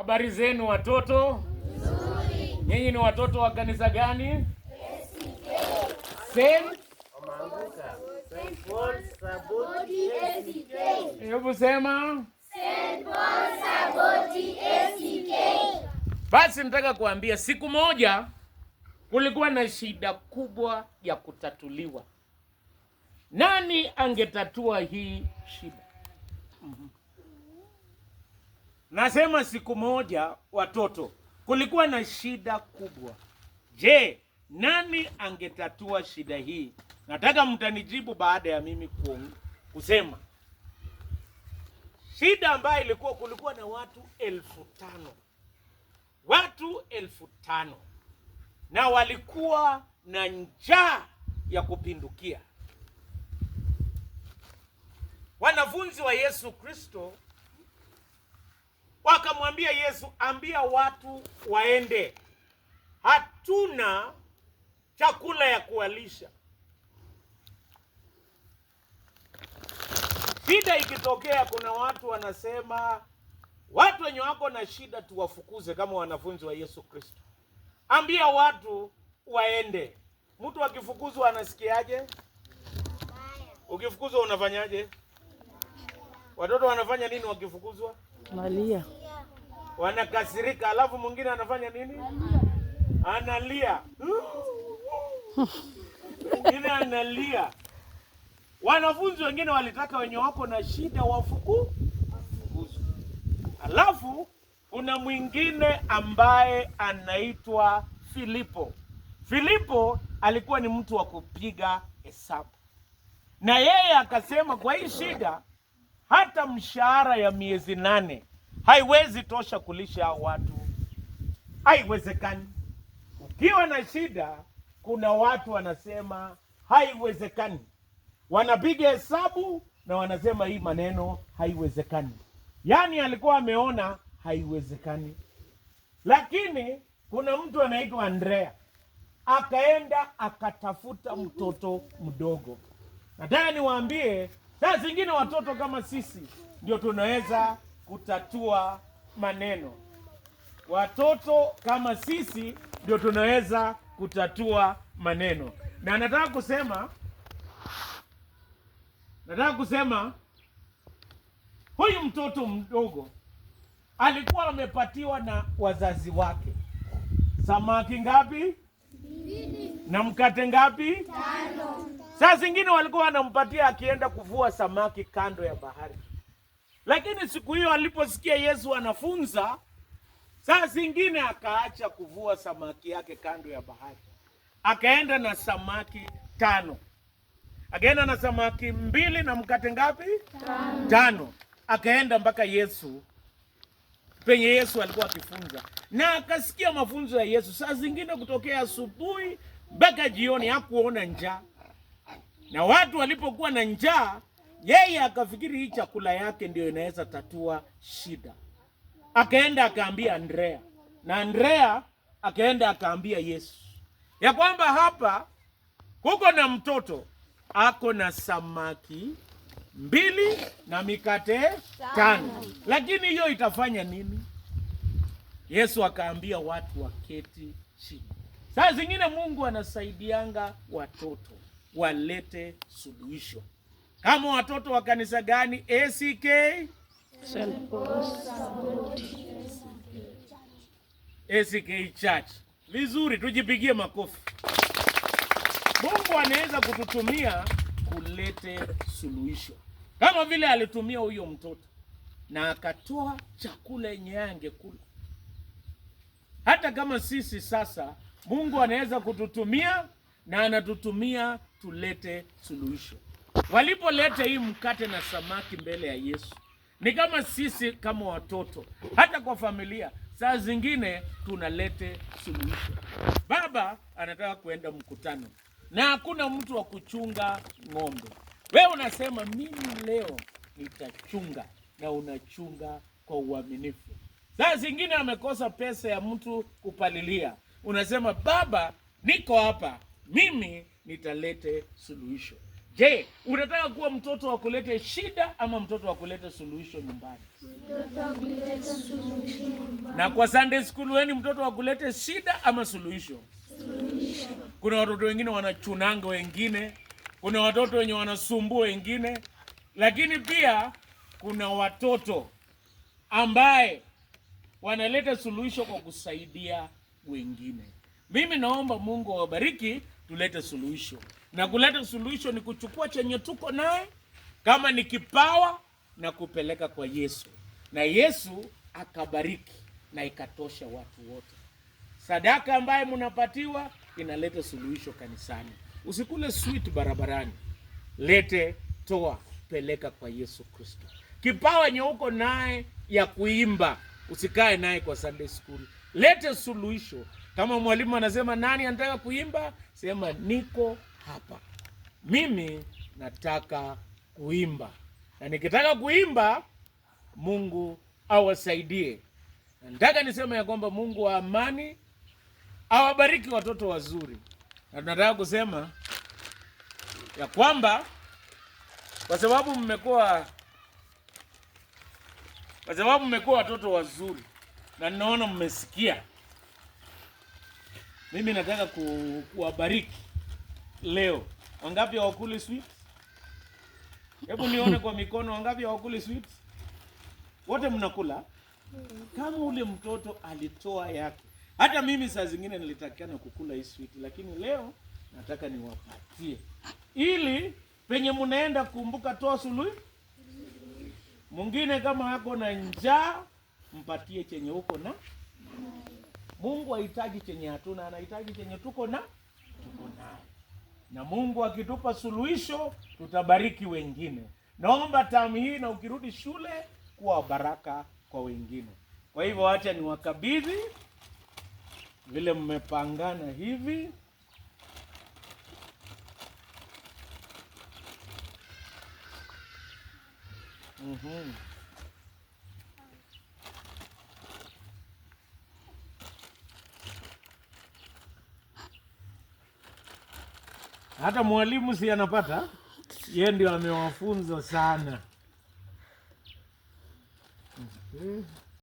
Habari zenu watoto? Nzuri. Nyinyi ni watoto wa kanisa gani? Hebu sema. Basi nataka kuambia, siku moja kulikuwa na shida kubwa ya kutatuliwa. Nani angetatua hii shida? mm -hmm. Nasema siku moja, watoto, kulikuwa na shida kubwa. Je, nani angetatua shida hii? Nataka mtanijibu baada ya mimi kusema shida ambayo ilikuwa. Kulikuwa na watu elfu tano watu elfu tano na walikuwa na njaa ya kupindukia. Wanafunzi wa Yesu Kristo wakamwambia Yesu, ambia watu waende, hatuna chakula ya kuwalisha. Shida ikitokea, kuna watu wanasema watu wenye wako na shida tuwafukuze, kama wanafunzi wa Yesu Kristo. Ambia watu waende. Mtu akifukuzwa anasikiaje? Ukifukuzwa unafanyaje? Watoto wanafanya nini wakifukuzwa? Malia wanakasirika, alafu mwingine anafanya nini? Analia, mwingine analia. Wanafunzi wengine walitaka wenye wako na shida wafuku, alafu kuna mwingine ambaye anaitwa Filipo. Filipo alikuwa ni mtu wa kupiga hesabu, na yeye akasema kwa hii shida, hata mshahara ya miezi nane haiwezi tosha kulisha hao watu, haiwezekani. Ukiwa na shida, kuna watu wanasema haiwezekani, wanapiga hesabu na wanasema hii maneno haiwezekani. Yaani alikuwa ameona haiwezekani, lakini kuna mtu anaitwa Andrea akaenda akatafuta mtoto mdogo. Nataka niwaambie saa zingine watoto kama sisi ndio tunaweza kutatua maneno. Watoto kama sisi ndio tunaweza kutatua maneno, na nataka kusema nataka kusema huyu mtoto mdogo alikuwa amepatiwa na wazazi wake samaki ngapi? na mkate ngapi? Tano. Saa zingine walikuwa wanampatia akienda kuvua samaki kando ya bahari. Lakini siku hiyo aliposikia Yesu anafunza, saa zingine akaacha kuvua samaki yake kando ya bahari, akaenda na samaki tano, akaenda na samaki mbili na mkate ngapi? Tano, tano. Akaenda mpaka Yesu penye Yesu alikuwa akifunza, na akasikia mafunzo ya Yesu. Saa zingine kutokea asubuhi mpaka jioni hakuona njaa, na watu walipokuwa na njaa yeye akafikiri hii chakula yake ndio inaweza tatua shida, akaenda akaambia Andrea na Andrea akaenda akaambia Yesu ya kwamba hapa kuko na mtoto ako na samaki mbili na mikate tano, lakini hiyo itafanya nini? Yesu akaambia watu waketi chini. Saa zingine Mungu anasaidianga watoto walete suluhisho kama watoto wa kanisa gani? ACK ACK Church. Vizuri, tujipigie makofi. Mungu anaweza kututumia kulete suluhisho, kama vile alitumia huyo mtoto na akatoa chakula yenye angekula. Hata kama sisi sasa, Mungu anaweza kututumia na anatutumia tulete suluhisho. Walipoleta hii mkate na samaki mbele ya Yesu, ni kama sisi kama watoto, hata kwa familia, saa zingine tunalete suluhisho. Baba anataka kuenda mkutano na hakuna mtu wa kuchunga ng'ombe, wewe unasema mimi leo nitachunga, na unachunga kwa uaminifu. Saa zingine amekosa pesa ya mtu kupalilia, unasema baba, niko hapa, mimi nitalete suluhisho. Je, unataka kuwa mtoto wa kulete shida ama mtoto wa kulete suluhisho nyumbani? Na kwa Sunday school weni mtoto wa kulete shida ama suluhisho? Kuna watoto wengine wanachunanga wengine, kuna watoto wenye wanasumbua wengine, lakini pia kuna watoto ambaye wanaleta suluhisho kwa kusaidia wengine. Mimi naomba Mungu awabariki, tulete suluhisho na kuleta suluhisho ni kuchukua chenye tuko naye, kama ni kipawa na kupeleka kwa Yesu, na Yesu akabariki na ikatosha watu wote. Sadaka ambaye mnapatiwa inaleta suluhisho kanisani. Usikule sweet barabarani, lete, toa, peleka kwa Yesu Kristo. Kipawa nye uko naye ya kuimba, usikae naye kwa Sunday school, lete suluhisho. Kama mwalimu anasema nani anataka kuimba, sema niko hapa. Mimi nataka kuimba, na nikitaka kuimba Mungu awasaidie. Nataka niseme ya kwamba Mungu wa amani awabariki watoto wazuri, na tunataka kusema ya kwamba kwa sababu mmekuwa kwa sababu mmekuwa watoto wazuri na ninaona mmesikia, mimi nataka kuwabariki leo. Wangapi hawakuli sweets? Hebu nione kwa mikono, wangapi hawakuli sweets? Wote mnakula? Kama ule mtoto alitoa yake. Hata mimi saa zingine nilitakikana kukula hii sweet, lakini leo nataka niwapatie ili penye mnaenda kumbuka, toa suluhi mwingine. Kama ako na njaa, mpatie chenye uko na. Mungu hahitaji chenye hatuna, anahitaji chenye tuko na, tuko nayo na Mungu akitupa suluhisho tutabariki wengine. Naomba tamu hii na ukirudi shule kuwa baraka kwa wengine. Kwa hivyo acha niwakabidhi vile mmepangana hivi. Mm-hmm. Hata mwalimu si anapata, yeye ndio amewafunza sana. Okay.